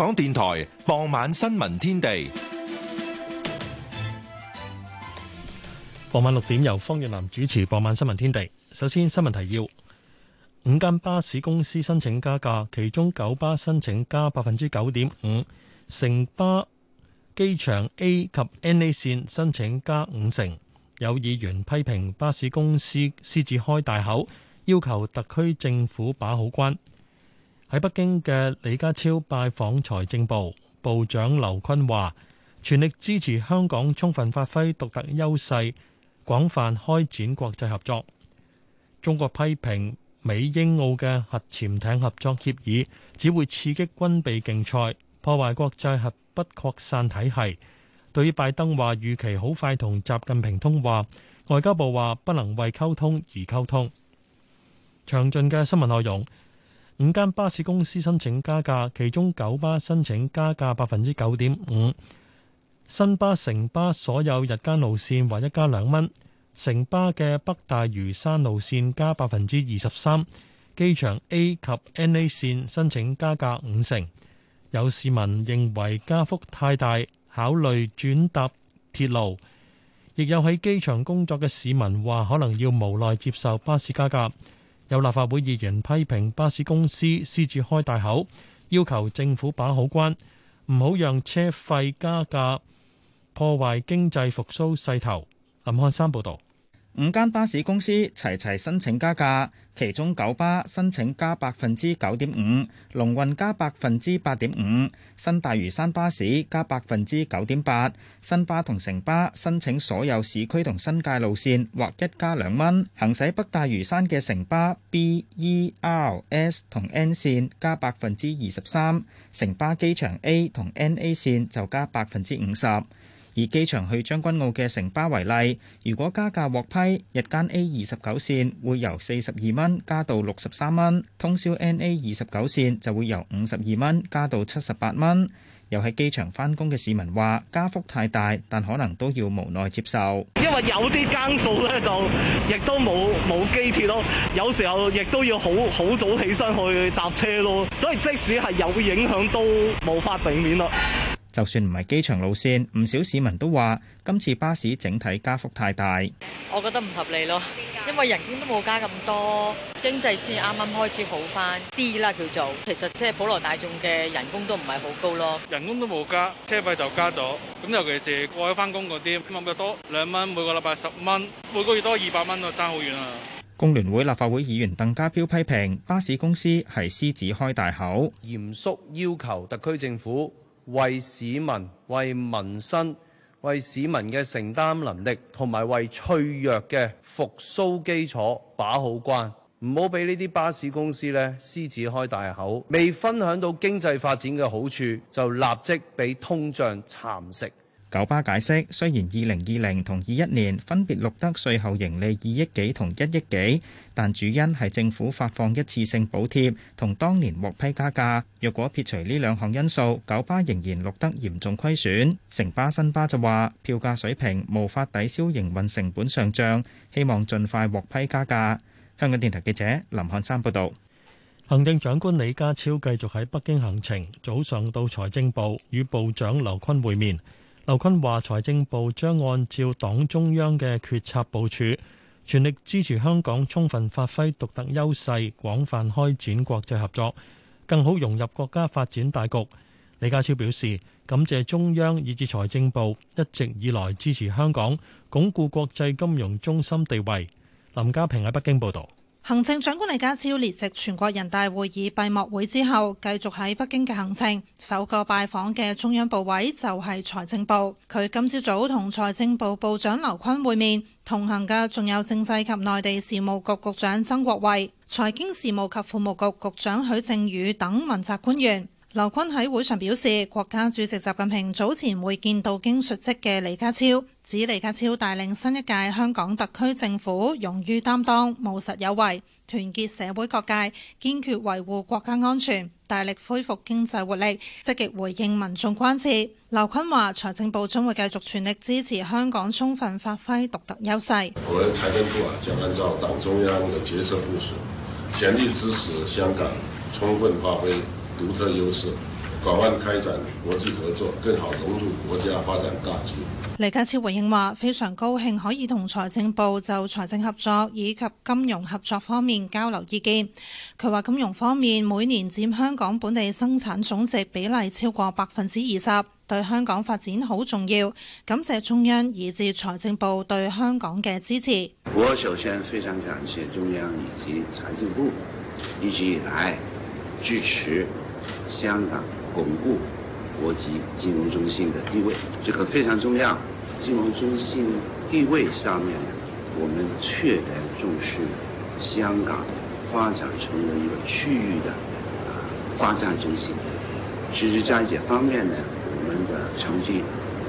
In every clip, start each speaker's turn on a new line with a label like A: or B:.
A: 香港電台傍晚新聞天
B: 地，傍晚六點由方月林主持。傍晚新聞天地，首先新聞提要：五間巴士公司申請加價，其中九巴申請加百分之九點五，城巴、機場 A 及 N A 線申請加五成。有議員批評巴士公司獅子開大口，要求特區政府把好關。喺北京嘅李家超拜訪財政部部長劉昆話：全力支持香港充分發揮獨特優勢，廣泛開展國際合作。中國批評美英澳嘅核潛艇合作協議，只會刺激軍備競賽，破壞國際核不擴散體系。對於拜登話預期好快同習近平通話，外交部話不能為溝通而溝通。詳盡嘅新聞內容。五間巴士公司申請加價，其中九巴申請加價百分之九點五，新巴、城巴所有日間路線或一加兩蚊，城巴嘅北大嶼山路線加百分之二十三，機場 A 及 NA 線申請加價五成。有市民認為加幅太大，考慮轉搭鐵路，亦有喺機場工作嘅市民話可能要無奈接受巴士加價。有立法會議員批評巴士公司私自開大口，要求政府把好關，唔好讓車費
C: 加價，破壞經濟復甦勢頭。林漢山報導。五間巴士公司齊齊申請加價，其中九巴申請加百分之九點五，龍運加百分之八點五，新大嶼山巴士加百分之九點八，新巴同城巴申請所有市區同新界路線劃一加兩蚊。行駛北大嶼山嘅城巴 B、E、R、S 同 N 線加百分之二十三，城巴機場 A 同 NA 線就加百分之五十。以機場去將軍澳嘅城巴為例，如果加價獲批，日間 A 二十九線會由四十二蚊加到六十三蚊，通宵 N A 二十九線就會由五十二蚊加到七十八蚊。又喺機場返工嘅市民話：加幅太大，但可能都要無奈接受。
A: 因為有啲更數咧，就
D: 亦都冇冇機鐵咯，有時候亦都要好好早起身去搭車咯，所以即使係有影響，都無法避免啦。
C: 就算唔係機場路線，唔少市民都話今次巴士整體加幅太大。
E: 我覺得唔合理咯，因為人工都冇加咁多，經濟先啱啱開始好翻啲啦叫做。其實即係普羅大眾嘅人工都唔係好高咯，人工都冇加，車費就
D: 加咗。咁尤其是外喺翻工嗰啲，咁就多兩蚊，每個禮拜十蚊，每個月多二百蚊，爭好遠啊！
C: 工聯會立法會議員鄧家彪批評巴士公司係獅子開大口，
D: 嚴肅要求特區政府，為市民、為民生、為市民嘅承擔能力，同埋為脆弱嘅復甦基礎把好關，唔好俾呢啲巴士公司呢，獅子開大口，未分享到經濟發展嘅好處，就立即俾通脹
C: 蠶食。九巴解釋，雖然二零二零同二一年分別錄得稅後盈利二億幾同一億幾，但主因係政府發放一次性補貼同當年獲批加價。若果撇除呢兩項因素，九巴仍然錄得嚴重虧損。城巴、新巴就話，票價水平無法抵消營運成本上漲，希望盡快獲批加價。香港電台記者林漢山報導。行政長
B: 官李家超繼續喺北京行程，早上到財政部與部長劉坤會面。劉昆話：財政部將按照黨中央嘅決策部署，全力支持香港充分發揮獨特優勢，廣泛開展國際合作，更好融入國家發展大局。李家超表示感謝中央以至財政部一直以來支持香港，鞏固國際金融中心地位。林家平喺北京報道。
F: 行政長官李家超列席全國人大會議閉幕會之後，繼續喺北京嘅行程，首個拜訪嘅中央部委就係財政部。佢今朝早同財政部部長劉昆會面，同行嘅仲有政制及內地事務局局長曾國衛、財經事務及庫務局局長許正宇等問責官員。劉昆喺會上表示，國家主席習近平早前會見到京述職嘅李家超。指李家超帶領新一屆香港特區政府勇於擔當務實有為團結社會各界，堅決維護國家安全，大力恢復經濟活力，積極回應民眾關切。劉昆話財政部將會繼續全力支持香港，充分發揮獨特優勢。我
G: 們財政部啊，將按照黨中央的決策部署，全力支持香港，充分發揮獨特優勢，廣泛開展國際合作，更好融入
H: 國家發展大局。
F: 李家超回應話：非常高興可以同財政部就財政合作以及金融合作方面交流意見。佢話金融方面每年佔香港本地生產總值比例超過百分之二十，對香港發展好重要。感謝中央以至財政部對香港嘅支持。
I: 我首先非常感謝中央以及財政部，一直以來支持香港，鞏固。國際金融中心的地位，這個非常重要。金融中心地位上面呢，我們確然重視香港發展成為一個區域的啊發展中心。其實在這方面呢，我們的成績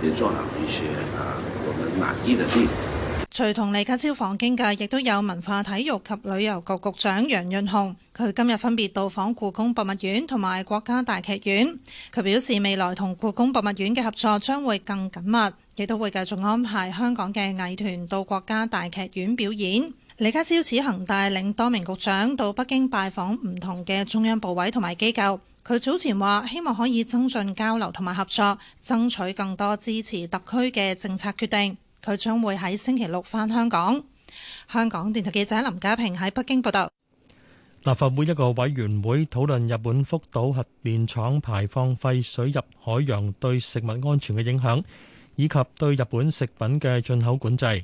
I: 也做到一些啊我們滿
F: 意的地方。隨同李家超訪京嘅，亦都有文化體育及旅遊局局長楊潤雄。佢今日分別到訪故宮博物院同埋國家大劇院。佢表示，未來同故宮博物院嘅合作將會更緊密，亦都會繼續安排香港嘅藝團到國家大劇院表演。李家超此行帶領多名局長到北京拜訪唔同嘅中央部委同埋機構。佢早前話，希望可以增進交流同埋合作，爭取更多支持特區嘅政策決定。佢將會喺星期六返香港。香港電台記者林家平喺北京報道。
B: 立法會一個委員會討論日本福島核電廠排放廢水入海洋對食物安全嘅影響，以及對日本食品嘅進口管制。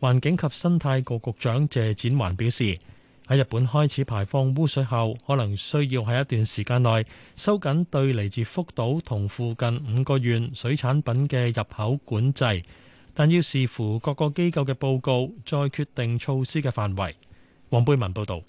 B: 環境及生態局局長謝展環表示，喺日本開始排放污水後，可能需要喺一段時間內收緊對嚟自福島同附近五個縣水產品嘅入口管制。但要視乎各個機構嘅報告，再決定措施嘅範圍。黃貝文報導，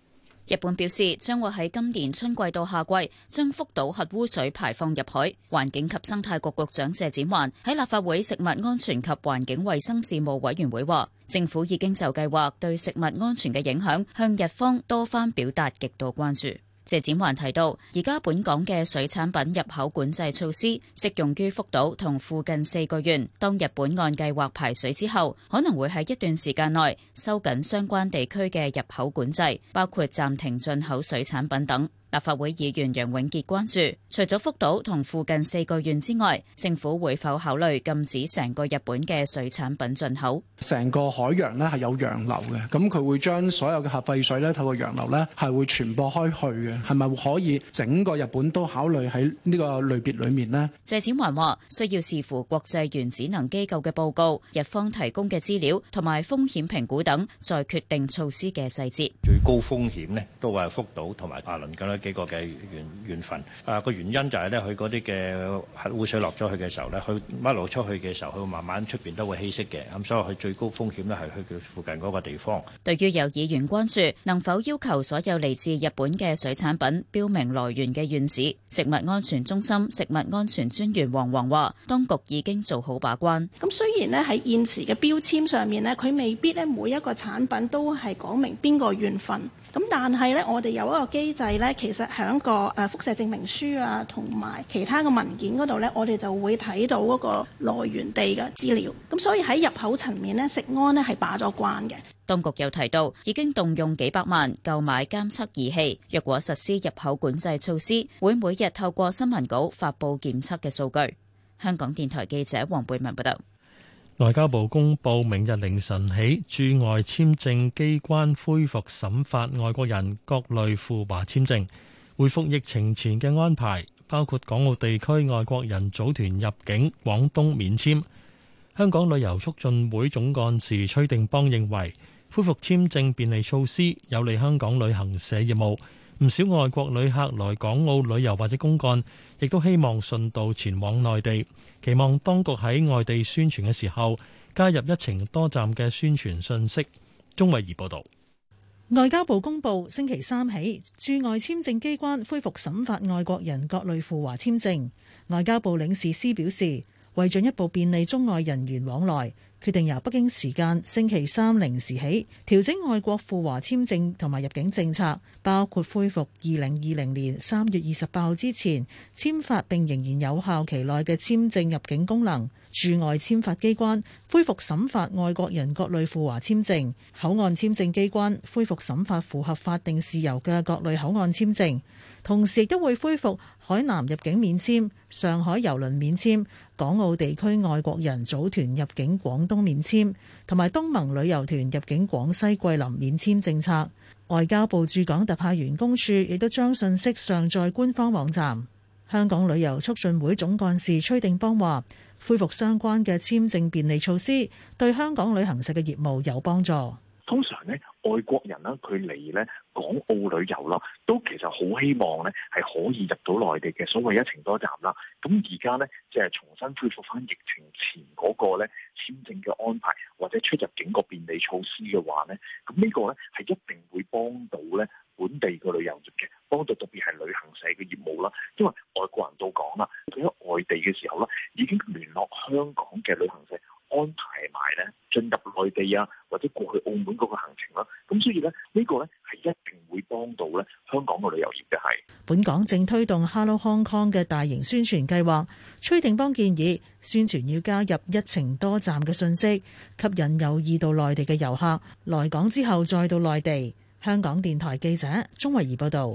J: 日本表示將會喺今年春季到夏季將福島核污水排放入海。環境及生態局局長謝展寰喺立法會食物安全及環境衞生事務委員會話，政府已經就計劃對食物安全嘅影響向日方多番表達極度關注。謝展寰提到，而家本港嘅水產品入口管制措施適用於福島同附近四個縣。當日本按計劃排水之後，可能會喺一段時間內收緊相關地區嘅入口管制，包括暫停進口水產品等。立法會議員楊永傑關注，除咗福島同附近四個縣之外，政府會否考慮禁止成個日本嘅水產品進口？
K: 成個海洋呢係有洋流嘅，咁佢會將所有嘅核廢水呢透過洋流呢係會傳播開去嘅，係咪可以整個日本都考慮喺呢個類別裡面呢？
J: 謝展寰話：需要視乎國際原子能機構嘅報告、日方提供嘅資料同埋風險評估等，再決定措施嘅細節。
A: 最高風險呢都係福島同埋啊鄰近嘅。呢個嘅緣緣分啊，個原因就係咧，佢嗰啲嘅核污水落咗去嘅時候咧，佢甩落出去嘅時候，佢慢慢出邊都會稀釋嘅。咁所以佢最高風險咧係去附近嗰個地方。
J: 對於有議員關注能否要求所有嚟自日本嘅水產品標明來源嘅院士，食物安全中心食物安全專員黃黃話，當局已經做好把關。
F: 咁雖然呢，喺現時嘅標籤上面呢，佢未必呢，每一個產品都係講明邊個縣份。咁但係咧，我哋有一個機制咧，其實響個誒輻射證明書啊，同埋其他嘅文件嗰度咧，我哋就會睇到嗰個來源地嘅資料。咁、嗯、所以喺入口層面咧，食安咧係把咗關嘅。
J: 當局又提到已經動用幾百萬購買監測儀器，若果實施入口管制措施，會每日透過新聞稿發布檢測嘅數據。香港電台記者黃貝文報道。
B: 外交部公布，明日凌晨起，駐外簽證機關恢復審發外國人各類赴華簽證，恢復疫情前嘅安排，包括港澳地區外國人組團入境廣東免簽。香港旅遊促進會總幹事崔定邦認為，恢復簽證便利措施有利香港旅行社業務，唔少外國旅客來港澳旅遊或者公幹。亦都希望順道前往內地，期望當局喺外地宣傳嘅時候加入一程多站嘅宣傳信息。鍾慧
A: 儀報導。
E: 外交部公布星期三起，駐外簽證機關恢復審發外國人各類赴華簽證。外交部領事司表示，為進一步便利中外人員往來。決定由北京時間星期三零時起調整外國赴華簽證同埋入境政策，包括恢復二零二零年三月二十八號之前簽發並仍然有效期內嘅簽證入境功能；駐外簽發機關恢復審發外國人各類赴華簽證；口岸簽證機關恢復審發符合法定事由嘅各類口岸簽證。同時亦都會恢復海南入境免簽、上海郵輪免簽、港澳地區外國人組團入境廣東免簽，同埋東盟旅遊團入境廣西桂林免簽政策。外交部駐港特派員公署亦都將信息上載官方網站。香港旅遊促進會總幹事崔定邦話：恢復相關嘅簽證便利措施，對香港旅行社嘅業務有幫助。通常咧，
A: 外國人啦，佢嚟咧，港澳旅遊咯，都其實好希望咧，係可以入到內地嘅所謂一程多站啦。咁而家咧，即係重新恢復翻疫情前嗰個咧簽證嘅安排，或者出入境個便利措施嘅話咧，咁呢個咧係一定會幫到咧本地個旅遊業嘅，幫到特別係旅行社嘅業務啦。因為外國人都講啦，佢喺外地嘅時候咧，已經聯絡香港嘅旅行社。安排埋咧進入內地啊，或者過去澳門嗰個行程啦，咁所以呢，呢個呢係一定會幫到咧香港嘅旅遊業嘅係。
E: 本港正推動 Hello Hong Kong 嘅大型宣傳計劃，崔定邦建議宣傳要加入一程多站嘅信息，吸引有意到內地嘅遊客來港之後再到內地。香港電台記者鍾慧儀報道。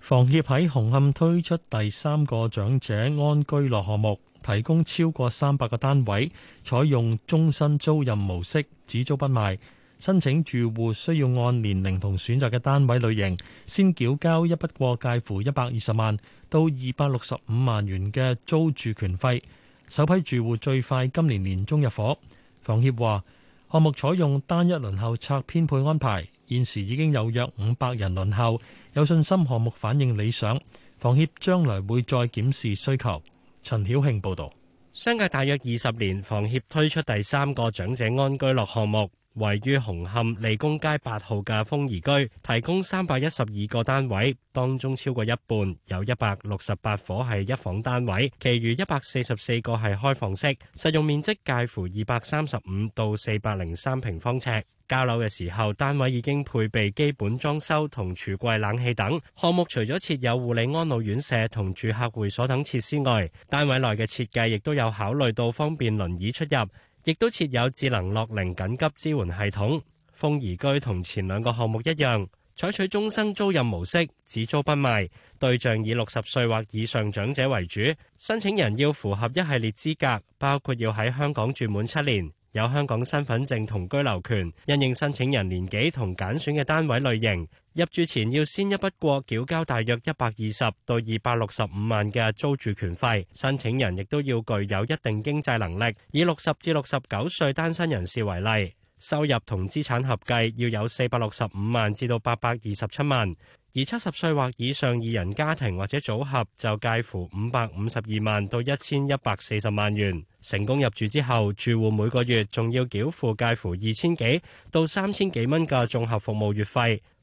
B: 房協喺紅磡推出第三個長者安居樂項目。提供超過三百個單位，採用終身租賃模式，只租不賣。申請住戶需要按年齡同選擇嘅單位類型，先繳交一筆過介乎一百二十萬到二百六十五萬元嘅租住權費。首批住戶最快今年年中入伙。房協話，項目採用單一輪候拆編配安排，現時已經有約五百人輪候，有信心項目反映理想。房協將來會再檢視需求。陳曉慶報道，相隔大約
D: 二十年，房協推出第三個長者安居樂項目。位於紅磡利工街八號嘅豐宜居，提供三百一十二個單位，當中超過一半有一百六十八伙係一房單位，其餘一百四十四個係開放式，實用面積介乎二百三十五到四百零三平方尺。交樓嘅時候，單位已經配備基本裝修同櫥櫃、冷氣等。項目除咗設有護理安老院舍同住客會所等設施外，單位內嘅設計亦都有考慮到方便輪椅出入。亦都設有智能樂齡緊急支援系統。豐頤居同前兩個項目一樣，採取終身租賃模式，只租不賣，對象以六十歲或以上長者為主。申請人要符合一系列資格，包括要喺香港住滿七年，有香港身份證同居留權，因應申請人年紀同揀選嘅單位類型。入住前要先一筆過繳交大約一百二十到二百六十五萬嘅租住權費，申請人亦都要具有一定經濟能力。以六十至六十九歲單身人士為例，收入同資產合計要有四百六十五萬至到八百二十七萬，而七十歲或以上二人家庭或者組合就介乎五百五十二萬到一千一百四十萬元。成功入住之後，住戶每個月仲要繳付介乎二千幾到三千幾蚊嘅綜合服務月費。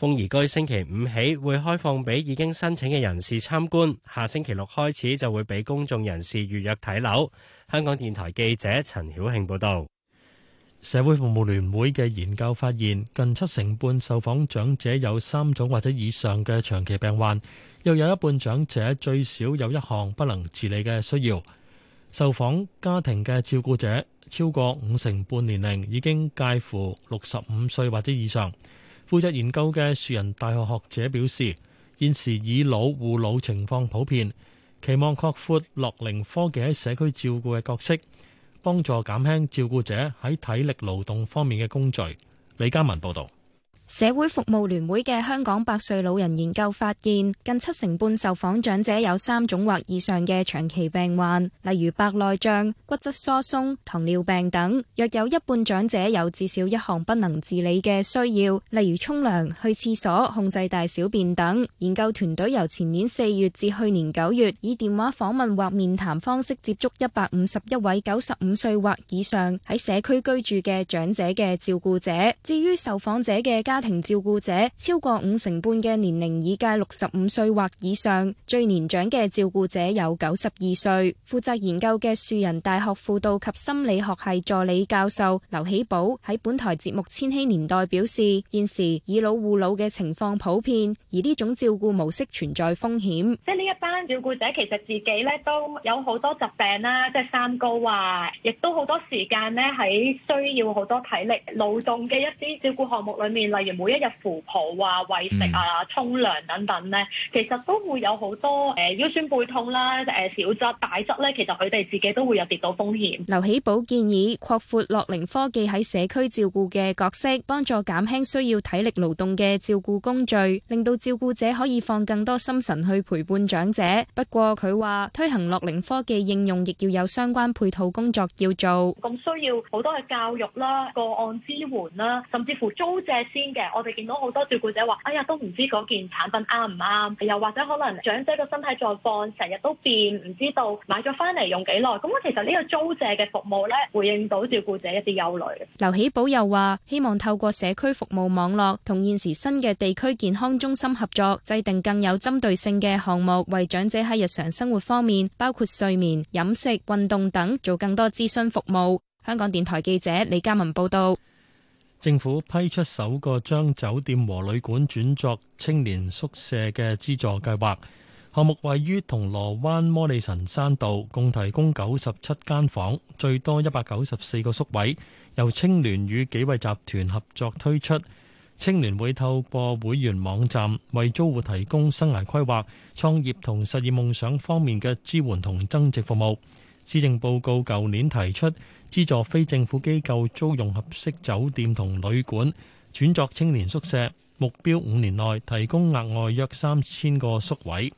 D: 風宜居星期五起會開放俾已經申請嘅人士參觀，下星期六開始就會俾公眾人士
B: 預約睇樓。香港電台記者陳曉慶報道。社會服務聯會嘅研究發現，近七成半受訪長者有三種或者以上嘅長期病患，又有一半長者最少有一項不能自理嘅需要。受訪家庭嘅照顧者超過五成半年齡已經介乎六十五歲或者以上。負責研究嘅樹人大學學者表示，現時以老護老情況普遍，期望擴闊樂齡科技喺社區照顧嘅角色，幫助減輕照顧者喺體力勞動方面嘅工序。李嘉文報導。
L: 社會服務聯會嘅香港百歲老人研究發現，近七成半受訪長者有三種或以上嘅長期病患，例如白內障、骨質疏鬆、糖尿病等。約有一半長者有至少一項不能自理嘅需要，例如沖涼、去廁所、控制大小便等。研究團隊由前年四月至去年九月，以電話訪問或面談方式接觸一百五十一位九十五歲或以上喺社區居住嘅長者嘅照顧者。至於受訪者嘅家家庭照顧者超過五成半嘅年齡已屆六十五歲或以上，最年長嘅照顧者有九十二歲。負責研究嘅樹人大學輔導及心理學系助理教授劉喜寶喺本台節目《千禧年代》表示，現時以老護老嘅情況普遍，而呢種照顧模式存在風險。
E: 即係呢一班照顧者其實自己咧都有好多疾病啦，即係三高啊，亦都好多時間咧喺需要好多體力勞動嘅一啲照顧項目裏面，例如。每一日扶抱啊、餵食啊、沖涼等等咧，其實都會有好多誒腰酸背痛啦、誒小則大則咧，其實佢哋自己都會有跌倒風險。
L: 劉喜寶建議擴闊樂齡科技喺社區照顧嘅角色，幫助減輕需要體力勞動嘅照顧工序，令到照顧者可以放更多心神去陪伴長者。不過佢話推行樂齡科技應用，亦要有相關配套工作要做。
E: 咁需要好多嘅教育啦、個案支援啦，甚至乎租借先嘅。我哋見到好多照顧者話，哎呀，都唔知嗰件產品啱唔啱，又或者可能長者個身體狀況成日都變，唔知道買咗翻嚟用幾耐。咁我其實呢個租借嘅服務咧，回應到照顧者一啲憂慮。
L: 劉喜寶又話，希望透過社區服務網絡同現時新嘅地區健康中心合作，制定更有針對性嘅項目，為長者喺日常生活方面，包括睡眠、飲食、運動等，做更多諮詢服務。香港電台記者李嘉文報道。
B: 政府批出首個將酒店和旅館轉作青年宿舍嘅資助計劃，項目位於銅鑼灣摩利臣山道，共提供九十七間房，最多一百九十四個宿位。由青聯與幾位集團合作推出，青聯會透過會員網站為租戶提供生涯規劃、創業同實現夢想方面嘅支援同增值服務。施政報告舊年提出，資助非政府機構租用合適酒店同旅館，轉作青年宿舍，目標五年內提供額外約三千個宿位。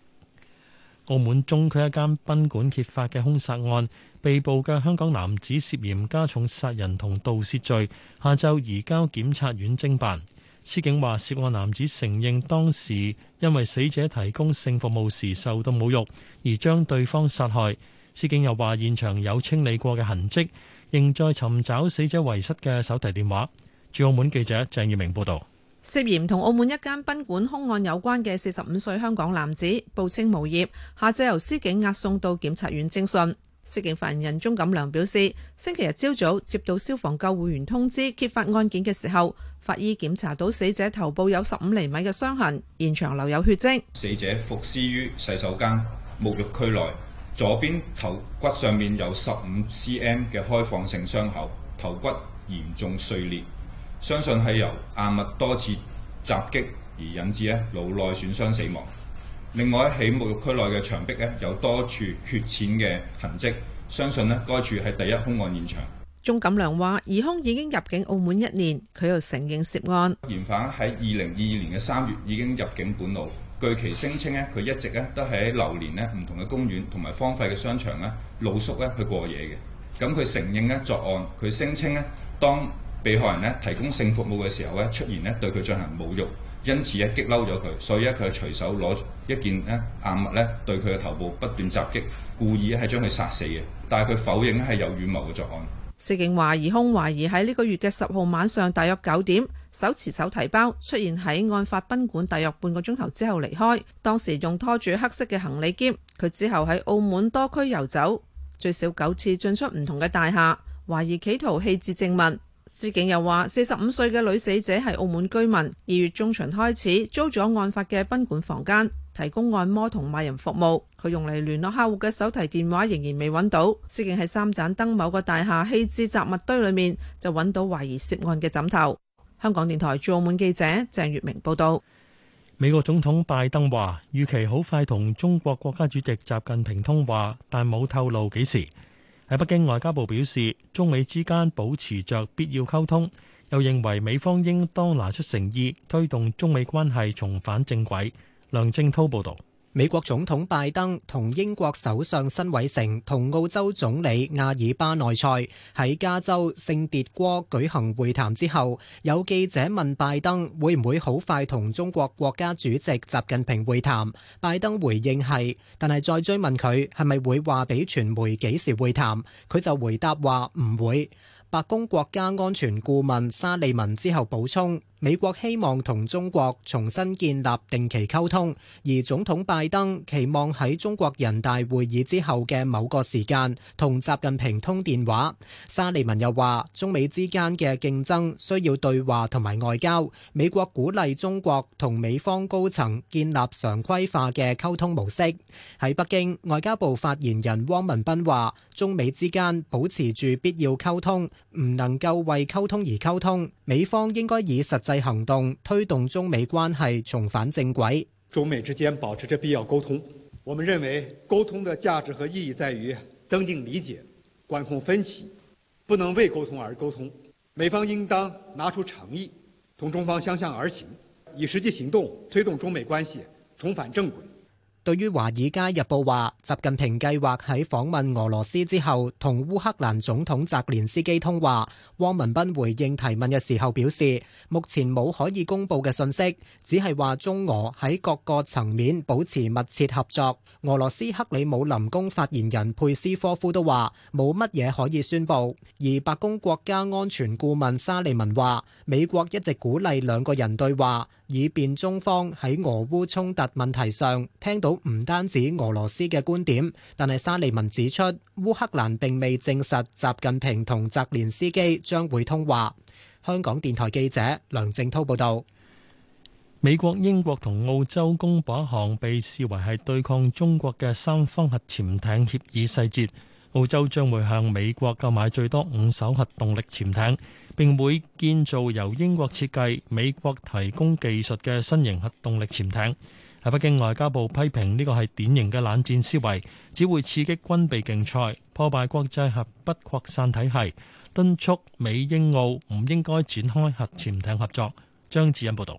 B: 澳門中區一間賓館揭發嘅凶殺案，被捕嘅香港男子涉嫌加重殺人同盜竊罪，下晝移交檢察院偵辦。司警話，涉案男子承認當時因為死者提供性服務時受到侮辱，而將對方殺害。司警又話，現場有清理過嘅痕跡。仍在尋找死者遺失嘅手提電話。駐澳門記者鄭業明報道，
M: 涉嫌同澳門一間賓館凶案有關嘅四十五歲香港男子，報稱無業，下晝由司警押送到檢察院偵訊。司警發言人鍾錦良表示，星期日朝早，早接到消防救護員通知揭發案件嘅時候，法醫檢查到死者頭部有十五厘米嘅傷痕，現場留有血跡。
N: 死者伏屍於洗手間沐浴區內。左邊頭骨上面有十五 cm 嘅開放性傷口，頭骨嚴重碎裂，相信係由硬物多次襲擊而引致咧腦內損傷死亡。另外，喺沐浴區內嘅牆壁咧有多處血漬嘅痕跡，相信呢該處係第一凶案現場。
M: 鍾錦良話：疑凶已經入境澳門一年，佢又承認涉案
N: 嫌犯喺二零二二年嘅三月已經入境本澳。據其聲稱咧，佢一直咧都係流連咧唔同嘅公園同埋荒廢嘅商場咧露宿咧去過夜嘅。咁佢承認咧作案，佢聲稱咧當被害人咧提供性服務嘅時候咧出現咧對佢進行侮辱，因此咧激嬲咗佢，所以咧佢隨手攞一件咧硬物咧對佢嘅頭部不斷襲擊，故意咧係將佢殺死嘅。但係佢否認係有預謀嘅作案。
M: 涉嫌懷疑兇，懷疑喺呢個月嘅十號晚上大約九點，手持手提包出現喺案發賓館，大約半個鐘頭之後離開。當時仲拖住黑色嘅行李兼，佢之後喺澳門多區遊走，最少九次進出唔同嘅大廈，懷疑企圖棄置證物。司警又話，四十五歲嘅女死者係澳門居民，二月中旬開始租咗案發嘅賓館房間，提供按摩同賣淫服務。佢用嚟聯絡客戶嘅手提電話仍然未搵到。司警喺三盞燈某個大廈棄置雜物堆裏面就搵到懷疑涉案嘅枕頭。香港電台駐澳門記者鄭月明報道。
B: 美國總統拜登話預期好快同中國國家主席習近平通話，但冇透露幾時。喺北京外交部表示，中美之間保持着必要溝通，又認為美方應當拿出誠意，推動中美關係重返正軌。
G: 梁正濤報道。美國總統拜登同英國首相辛偉誠同澳洲總理亞爾巴內塞喺加州聖迭戈舉行會談之後，有記者問拜登會唔會好快同中國國家主席習近平會談，拜登回應係，但係再追問佢係咪會話俾傳媒幾時會談，佢就回答話唔會。白宮國家安全顧問沙利文之後補充。美國希望同中國重新建立定期溝通，而總統拜登期望喺中國人大會議之後嘅某個時間同習近平通電話。沙利文又話，中美之間嘅競爭需要對話同埋外交。美國鼓勵中國同美方高層建立常規化嘅溝通模式。喺北京，外交部發言人汪文斌話，中美之間保持住必要溝通，唔能夠為溝通而溝通。美方應該以實際行動推動中美關係重返正軌，中美之間保持着必要溝通，我們認為溝通的價值和意義在於增
D: 進理解、管控分歧，不能為溝通而溝通。美方應當拿出誠意，同中方相向而行，以實際行動推動中美關係
G: 重返正軌。對於華爾街日報話，習近平計劃喺訪問俄羅斯之後同烏克蘭總統澤連斯基通話，汪文斌回應提問嘅時候表示，目前冇可以公布嘅信息，只係話中俄喺各個層面保持密切合作。俄羅斯克里姆林宮發言人佩斯科夫都話，冇乜嘢可以宣布。而白宮國家安全顧問沙利文話，美國一直鼓勵兩個人對話。以便中方喺俄烏衝突問題上聽到唔單止俄羅斯嘅觀點，但係沙利文指出，烏克蘭並未證實習近平同澤連斯基將會通話，香港電台記者梁正濤報道。美國、英國同澳洲公
B: 佈一項被視為係對抗中國嘅三方核潛艇協議細節，澳洲將會向美國購買最多五艘核動力潛艇。並會建造由英國設計、美國提供技術嘅新型核動力潛艇。喺北京外交部批評呢個係典型嘅冷戰思維，只會刺激軍備競賽，破壞國際核不擴散體系，敦促美英澳唔應該展
K: 開核潛艇合作。張智恩報道。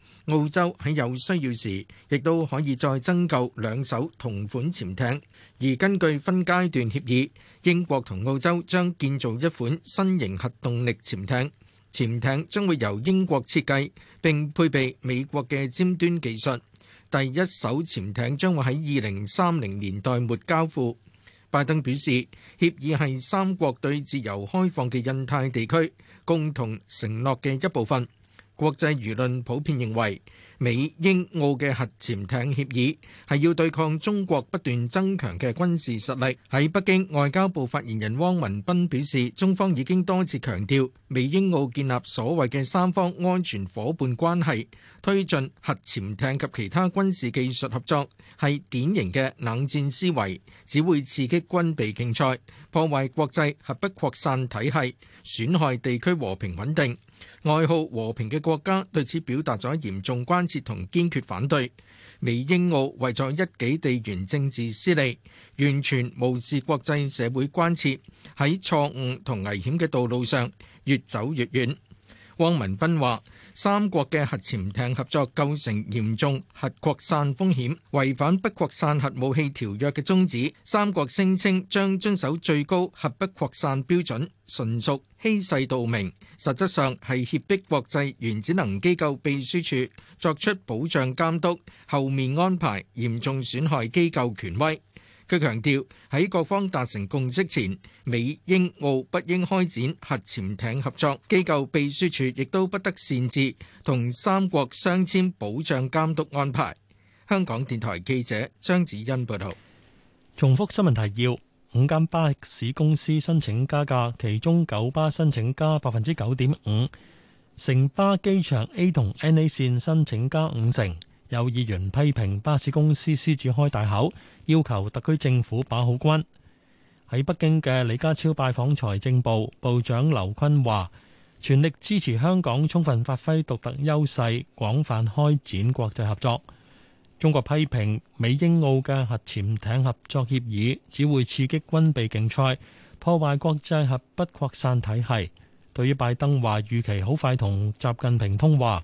K: 澳洲喺有需要時，亦都可以再增購兩艘同款潛艇。而根據分階段協議，英國同澳洲將建造一款新型核動力潛艇。潛艇將會由英國設計，並配備美國嘅尖端技術。第一艘潛艇將會喺二零三零年代末交付。拜登表示，協議係三國對自由開放嘅印太地區共同承諾嘅一部分。國際輿論普遍認為美，美英澳嘅核潛艇協議係要對抗中國不斷增強嘅軍事實力。喺北京，外交部發言人汪文斌表示，中方已經多次強調美，美英澳建立所謂嘅三方安全夥伴關係，推進核潛艇及其他軍事技術合作，係典型嘅冷戰思維，只會刺激軍備競賽，破壞國際核不擴散體系，損害地區和平穩定。愛好和平嘅國家對此表達咗嚴重關切同堅決反對。美英澳為咗一己地緣政治私利，完全無視國際社會關切，喺錯誤同危險嘅道路上越走越遠。汪文斌話。三國嘅核潛艇合作構成嚴重核擴散風險，違反不擴散核武器條約嘅宗旨。三國聲稱將遵守最高核不擴散標準，純屬欺世盜名，實質上係脅迫國際原子能機構秘書處作出保障監督後面安排，嚴重損害機構權威。佢強調喺各方達成共識前，美英澳不應開展核潛艇合作。機構秘書處亦都不得擅自同三國商簽保障監督安排。香港電台記者張子欣報導。重複新聞提要：五
B: 間巴士公司申請加價，其中九巴申請加百分之九點五，城巴機場 A 同 NA 線申請加五成。有議員批評巴士公司獅子開大口，要求特區政府把好關。喺北京嘅李家超拜訪財政部，部長劉昆話：全力支持香港充分發揮獨特優勢，廣泛開展國際合作。中國批評美英澳嘅核潛艇合作協議，只會刺激軍備競賽，破壞國際核不擴散體系。對於拜登話預期好快同習近平通話。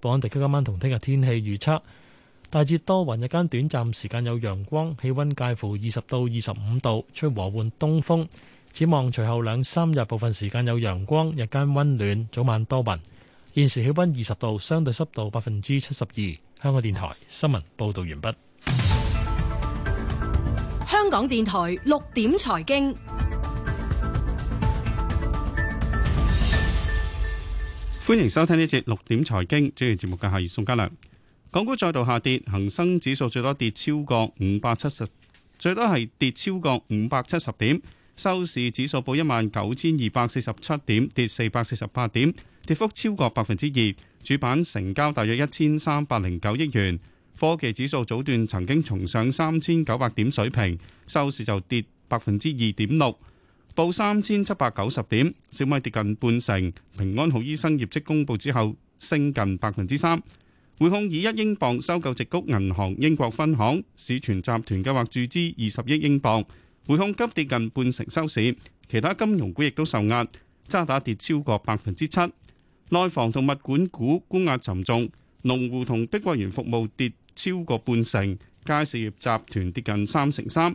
B: 本港地區今晚同聽日天氣預測，大致多雲，日間短暫時間有陽光，氣溫介乎二十到二十五度，吹和緩東風。展望隨後兩三日部分時間有陽光，日間溫暖，早晚多雲。現時氣溫二十度，相對濕度百分之七十二。香港電台新聞報道完畢。
E: 香港電台六點財經。
I: 歡迎收聽呢節六點財經，主持節目嘅係宋家良。港股再度下跌，恒生指數最多跌超過五百七十，最多係跌超過五百七十點，收市指數報一萬九千二百四十七點，跌四百四十八點，跌幅超過百分之二。主板成交大約一千三百零九億元。科技指數早段曾經重上三千九百點水平，收市就跌百分之二點六。報三千七百九十點，小米跌近半成。平安好醫生業績,業績公布之後，升近百分之三。匯控以一英鎊收購矽谷銀行英國分行，市傳集團計劃注資二十億英鎊。匯控急跌近半成收市。其他金融股亦都受壓，渣打跌超過百分之七。內房同物管股沽壓沉重，農戶同碧桂園服務跌超過半成，佳兆業集團跌近三成三。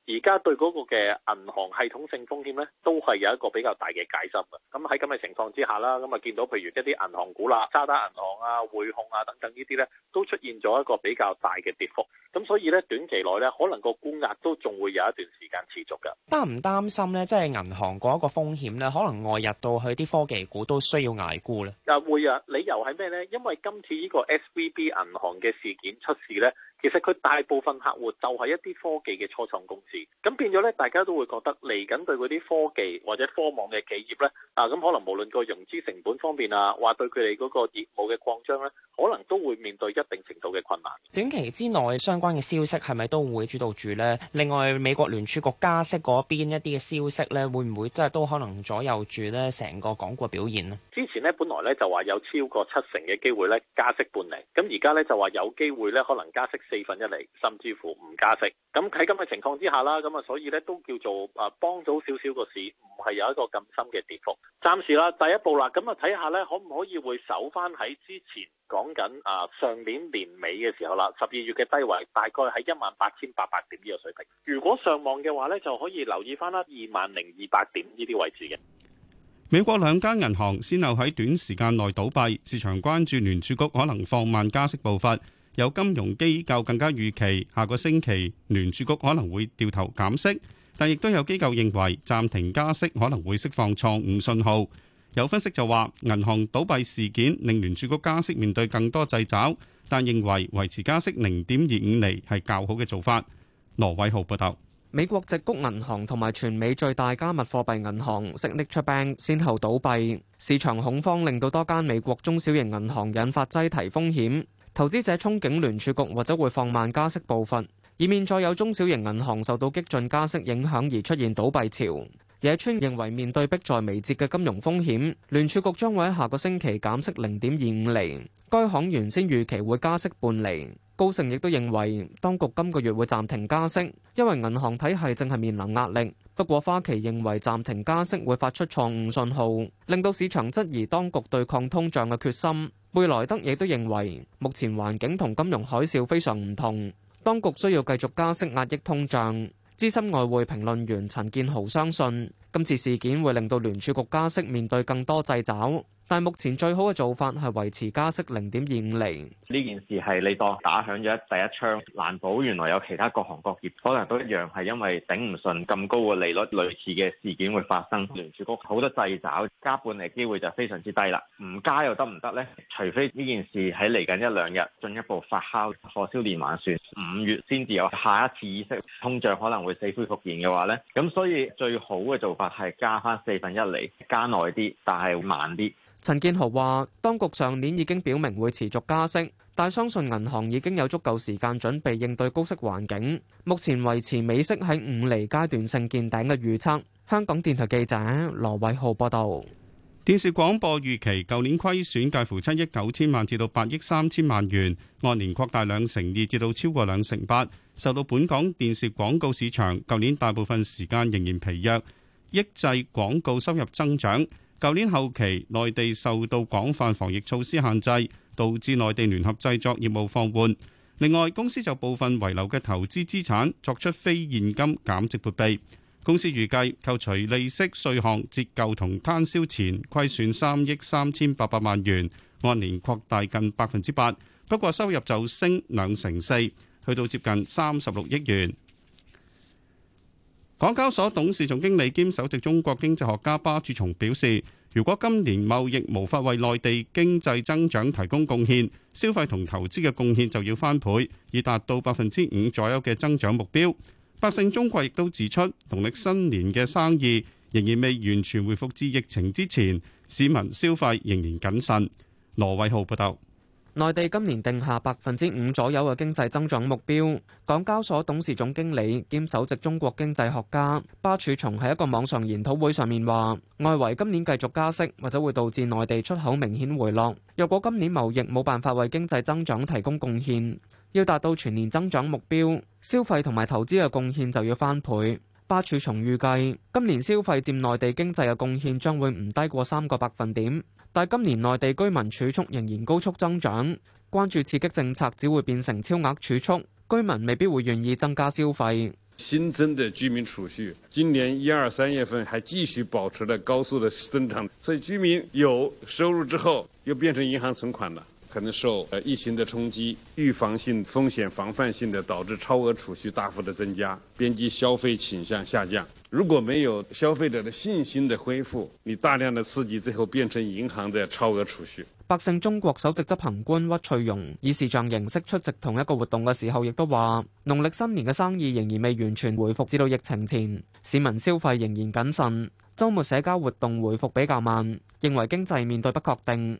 A: 而家對嗰個嘅銀行系統性風險咧，都係有一個比較大嘅戒心嘅。咁喺咁嘅情況之下啦，咁啊見到譬如一啲銀行股啦，渣打銀行啊、匯控啊等等呢啲咧，都出現咗一個比較大嘅跌幅。咁所以咧，短期內咧，可能個沽壓都仲會有一段時間持續嘅。
H: 擔唔擔心咧？即係銀行嗰一個風險咧，可能外溢到去啲科技股都需要捱沽咧？
A: 啊會啊！理由係咩咧？因為今次呢個 S V B 銀行嘅事件出事咧。其實佢大部分客戶就係一啲科技嘅初創公司，咁變咗咧，大家都會覺得嚟緊對嗰啲科技或者科網嘅企業咧，啊咁可能無論個融資成本方面啊，話對佢哋嗰個業務嘅擴張咧，可能都會面對一定程
H: 度嘅困難。短期之內相關嘅消息係咪都會主導住呢？另外美國聯儲局加息嗰邊一啲嘅消息咧，會唔會即係都可能左右住咧成個港股表現
A: 呢？之前咧本來咧就話有超過七成嘅機會咧加息半釐，咁而家咧就話有機會咧可能加息四分一厘，甚至乎唔加息。咁喺咁嘅情況之下啦，咁啊，所以咧都叫做啊，幫到少少個市，唔係有一個咁深嘅跌幅。暫時啦，第一步啦，咁啊，睇下咧，可唔可以會守翻喺之前講緊啊上年年尾嘅時候啦，十二月嘅低位，大概喺一萬八千八百點呢個水平。如果上網嘅話咧，就可以留意翻啦，二萬零二百點呢啲位置嘅。
I: 美國兩間銀行先後喺短時間內倒閉，市場關注聯儲局可能放慢加息步伐。有金融機構更加預期下個星期聯儲局可能會掉頭減息，但亦都有機構認為暫停加息可能會釋放錯誤信號。有分析就話，銀行倒閉事件令聯儲局加息面對更多掣肘，
H: 但認為維持加息零點二五厘係較好嘅做法。羅偉豪報道：美國直谷銀行同埋全美最大加密貨幣銀行 Signature Bank 先後倒閉，市場恐慌令到多間美國中小型銀行引發擠提風險。投資者憧憬聯儲局或者會放慢加息步伐，以免再有中小型銀行受到激進加息影響而出現倒閉潮。野村認為，面對迫在眉睫嘅金融風險，聯儲局將會喺下個星期減息零點二五厘，該行原先預期會加息半厘。高盛亦都認為當局今個月會暫停加息，因為銀行體系正係面臨壓力。不過花旗認為暫停加息會發出錯誤信號，令到市場質疑當局對抗通脹嘅決心。貝萊德亦都認為，目前環境同金融海嘯非常唔同，當局需要繼續加息壓抑通脹。資深外匯評論員陳建豪相信，今次事件會令到聯儲局加息面對更多掣肘。但目前最好嘅做法係維持加息零點二五釐。
C: 呢
A: 件事係你當打響咗第一槍，難保原來有其他各行各業可能都一樣，係
K: 因為頂唔順咁高嘅利率，類似嘅事件會發生。聯儲局好多掣肘，加半釐機會就非常之低啦。唔加又得唔得呢？除非呢件事喺嚟緊一兩日進一步發酵、火燒連環船，五月先至有下一次意識通脹可能會死灰復現嘅話呢，咁所以最好嘅做法係加翻四分一釐，加耐啲，
H: 但係會慢啲。陳建豪話：當局上年已經表明會持續加息，但相信銀行已經有足夠時間準備應對高息環境。目前維持美息喺五釐階段性見頂嘅預測。香港電台記者羅偉浩報道：
I: 電視廣播預期舊年虧損介乎七億九千萬至到八億三千萬元，按年擴大兩成二至到超過兩成八。受到本港電視廣告市場舊年大部分時間仍然疲弱，抑制廣告收入增長。舊年後期，內地受到廣泛防疫措施限制，導致內地聯合製作業務放緩。另外，公司就部分遺留嘅投資資產作出非現金減值撥備。公司預計扣除利息、稅項、折舊同攤銷前虧損三億三千八百萬元，按年擴大近百分之八。不過收入就升兩成四，去到接近三十六億元。港交所董事總經理兼首席中國經濟學家巴曙松表示，如果今年貿易無法為內地經濟增長提供貢獻，消費同投資嘅貢獻就要翻倍，以達到百分之五左右嘅增長目標。百勝中國亦都指出，農曆新年嘅生意仍然未完全恢復至疫情之前，市民消費仍然謹慎。羅偉浩報道。
H: 內地今年定下百分之五左右嘅經濟增長目標。港交所董事總經理兼首席中國經濟學家巴曙松喺一個網上研討會上面話：外圍今年繼續加息，或者會導致內地出口明顯回落。若果今年貿易冇辦法為經濟增長提供貢獻，要達到全年增長目標，消費同埋投資嘅貢獻就要翻倍。巴曙松預計，今年消費佔內地經濟嘅貢獻將會唔低過三個百分點。但今年內地居民儲蓄仍然高速增長，關注刺激政策只會變成超額儲蓄，居民未必會願意增加消費。新增
I: 的居民儲蓄今年一、二、三月份還繼續保持了高速的增長，所以居民有收入之後又變成銀行存款了，可能受疫情的衝擊，預防性、風險防範性的導致超額儲蓄大幅的增加，邊際消費傾向下降。如果沒有消費者的信心的恢復，你大量的刺激最後變成銀行的超額儲蓄。
H: 百勝中國首席執行官屈翠容以視像形式出席同一個活動嘅時候，亦都話農曆新年嘅生意仍然未完全回復，至到疫情前，市民消費仍然謹慎，周末社交活動回復比較慢，認為經濟面對不確定，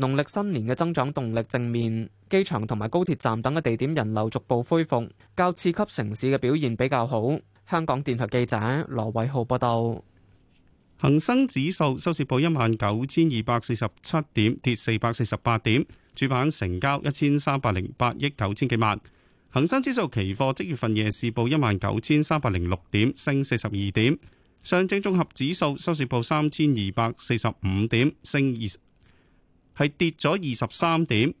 H: 農曆新年嘅增長動力正面，機場同埋高鐵站等嘅地點人流逐步恢復，較次級城市嘅表現比較好。香港電台記者羅偉浩報道。
I: 恒生指數收市報一萬九千二百四十七點，跌四百四十八點，主板成交一千三百零八億九千幾萬。恒生指數期貨即月份夜市報一萬九千三百零六點，升四十二點。上證綜合指數收市報三千二百四十五點，升二。係跌咗二十三點，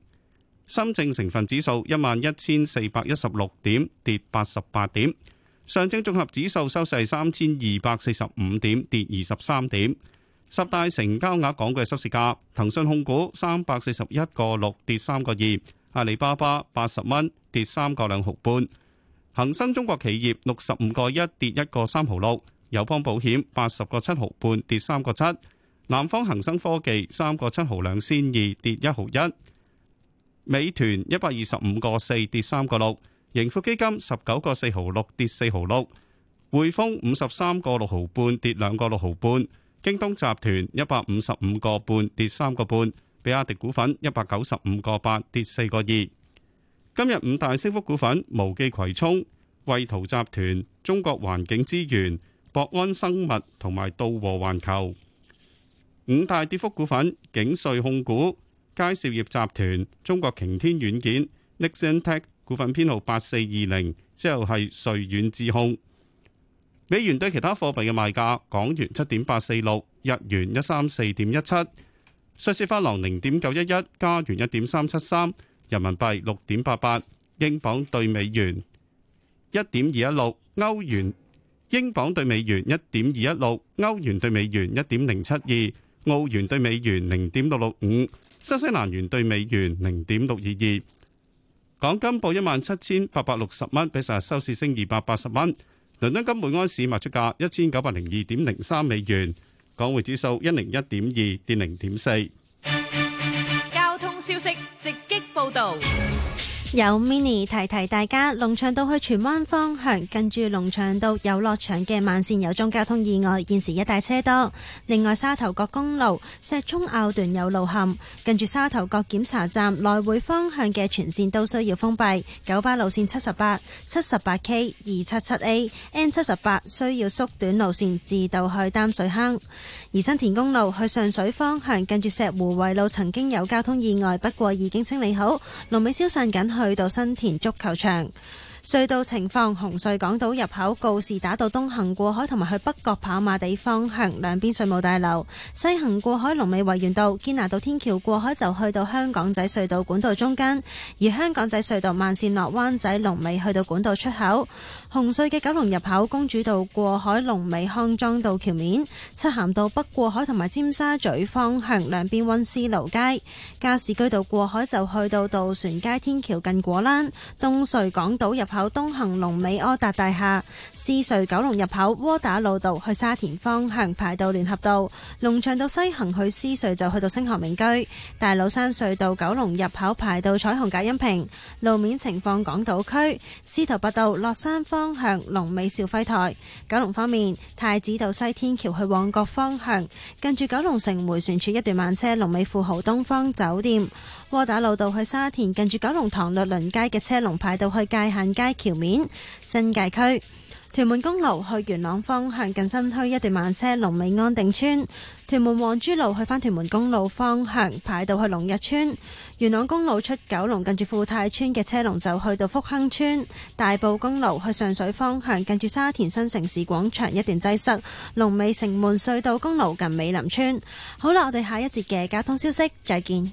I: 深證成分指數一萬一千四百一十六點，跌八十八點。上證綜合指數收市三千二百四十五點，跌二十三點。十大成交額港股嘅收市價：騰訊控股三百四十一個六，跌三個二；阿里巴巴八十蚊，跌三個兩毫半；恒生中國企業六十五個一，跌一個三毫六；友邦保險八十個七毫半，跌三個七。南方恒生科技三個七毫兩仙二跌一毫一，美團一百二十五個四跌三個六，盈富基金十九個四毫六跌四毫六，匯豐五十三個六毫半跌兩個六毫半，京東集團一百五十五個半跌三個半，比亞迪股份一百九十五個八跌四個二。今日五大升幅股份：毛記葵涌、惠陶集團、中國環境資源、博安生物同埋道和環球。五大跌幅股份：景瑞控股、佳兆業集團、中國擎天軟件、Nexion Tech 股份編號八四二零，之後係瑞遠智控。美元對其他貨幣嘅賣價：港元七點八四六，日元一三四點一七，瑞士法郎零點九一一，加元一點三七三，人民幣六點八八，英鎊兌美元一點二一六，歐元英鎊兌美元一點二一六，歐元兌美元一點零七二。澳元兌美元零點六六五，新西蘭元兌美元零點六二二。港金報一萬七千八百六十蚊，比上日收市升二百八十蚊。倫敦金每安士賣出價一千九百零二點零三美元。港匯指數一零一點二，跌零點四。
O: 交通消息直
J: 擊報道。
O: 有 mini 提提大家，龍翔道去荃灣方向，近住龍翔道遊樂場嘅慢線有宗交通意外，現時一帶車多。另外，沙頭角公路石涌坳段有路陷，近住沙頭角檢查站來回方向嘅全線都需要封閉。九巴路線七十八、七十八 K、二七七 A、N 七十八需要縮短路線，直到去擔水坑。而新田公路去上水方向，近住石湖圍路曾經有交通意外，不過已經清理好，龍尾消散緊去到新田足球場。隧道情況：紅隧港島入口告士打道東行過海同埋去北角跑馬地方向兩邊稅務大樓；西行過海龍尾維園道堅拿道天橋過海就去到香港仔隧道管道中間，而香港仔隧道慢線落灣仔龍尾去到管道出口。紅隧嘅九龍入口公主道過海龍尾康莊道橋面，漆咸道北過海同埋尖沙咀方向兩邊溫思勞街、加士居道過海就去到渡船街天橋近果欄。東隧港島入口。入口東行龍尾柯達大廈，獅隧九龍入口窩打路道去沙田方向排到聯合道，龍翔道西行去獅隧就去到星河名居，大老山隧道九龍入口排到彩虹隔音屏路面情況港島區，司徒拔道落山方向龍尾兆輝台，九龍方面太子道西天橋去旺角方向，近住九龍城回旋處一段慢車，龍尾富豪東方酒店。窩打老道去沙田，近住九龍塘律倫街嘅車龍排到去界限街橋面，新界區。屯門公路去元朗方向近新墟一段慢車龍尾安定村。屯門黃珠路去返屯門公路方向排到去龍日村。元朗公路出九龍近住富泰村嘅車龍就去到福亨村。大埔公路去上水方向近住沙田新城市廣場一段擠塞。龍尾城門隧道公路近美林村。好啦，我哋下一節嘅交通消息，再見。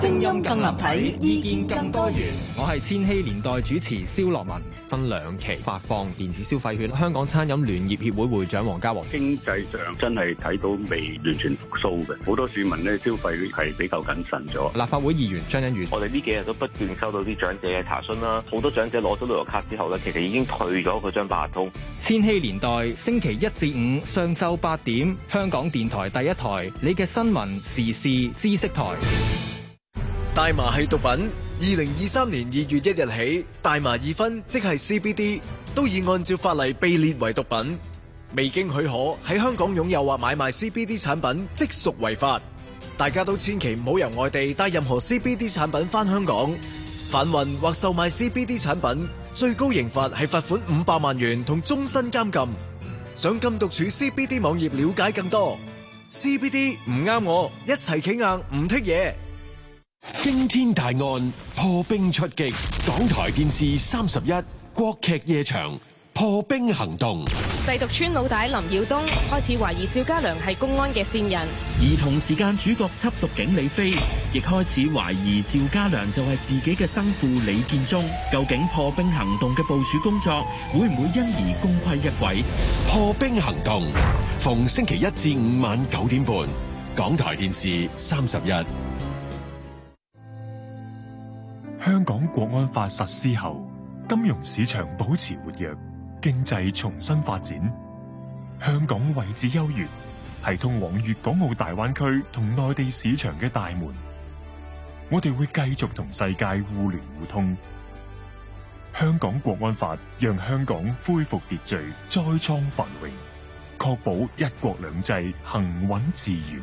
H: 聲音更立體，意見更多
A: 元。我係千禧年代主持蕭樂文，分兩期發放電子消費券。香港餐飲聯業協會會長黃家和，經濟上真係睇到未完全復甦嘅，好多市民呢，消費係比較謹慎咗。立法會議員張欣宇，我哋呢幾日都不斷收到啲長者嘅查詢啦，好多長者攞咗旅遊卡之後呢，其實已經退咗嗰張八達通。
C: 千禧年代星期一
G: 至五上晝八點，香港電台第一台，你嘅新聞時事知識台。大麻係毒品。二零二三年二月一日起，大麻二酚即係 CBD 都已按照法例被列為毒品。未經許可喺香港擁有或買賣 CBD 產品即屬違法。大家都千祈唔好由外地帶任何 CBD 產品翻香港。販運或售賣 CBD 產品最高刑罰係罰款五百萬元同終身監禁。想禁毒處 CBD 網頁了解更多。CBD 唔啱我，一齊企硬
A: 唔 HIGH 嘢。驚天大案破冰出擊，港台電視三十一國劇夜場破冰行動。
L: 製毒村老大林耀東開始懷疑趙家良係公安嘅線人，
A: 而同時間主角緝毒警李飛亦開始懷疑趙家良就係自己嘅生父李建忠。究竟破冰行動嘅部署工作會唔會因而功虧一簣？破冰行動逢星期一至五晚九點半，港台電視三十
H: 一。香港國安法實施後，金融市場保持活躍，經濟重新發展。
A: 香港位置優越，係通往粵港澳大灣區同內地市場嘅
H: 大門。我哋會繼續同世界互聯互通。香港國安法讓香港恢復秩序，再創繁榮，確保一國兩制行穩致遠。